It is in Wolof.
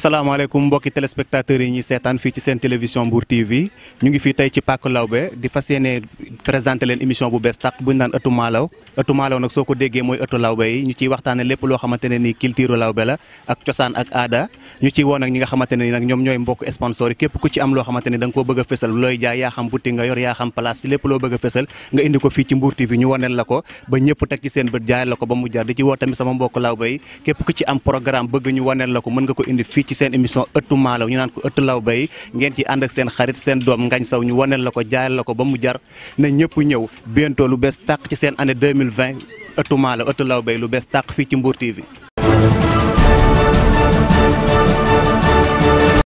Assalamualaikum mbokk téléspectateurs yi ñi seetaan fi ci sen télévision bour TV ñu ngi fi tay ci pak Lawbe di fas présenter présenté émission bu bees tak bu ñu naan malaw maalaw malaw nak soko déggé moy déggee lawbe yi ñu ci waxtaane lépp lo xamante ni culture lawbe la ak cosaan ak ada ñu ci won nag ñi nga xamante ne ni nag ñoom mbokk sponsor képp ku ci am lo xamante ne bëgg fessel loy jaay ya xam bouti nga yor ya xam place lépp bëgg fessel nga indi ko fi ci Mbour TV ñu woneel la ko ba ñëpp tak ci sen bëtt jaay la ko ba mu jaar di ci wo tamit sama mbokk lawbe yi képp ku ci am programme bëgg ñu woneel la mën nga ko indi fii ci seen émission ëttu maalaw ñu naan ko ëttu law bay ngeen ci ànd ak seen xarit seen doom ngañ saw ñu waneel la ko jaayal la ko ba mu jar na ñëpp ñëw bientôt lu bees tàq ci seen année 2020 ëttu maalaw ëttu law bay lu bees tàq fii ci Mbour TV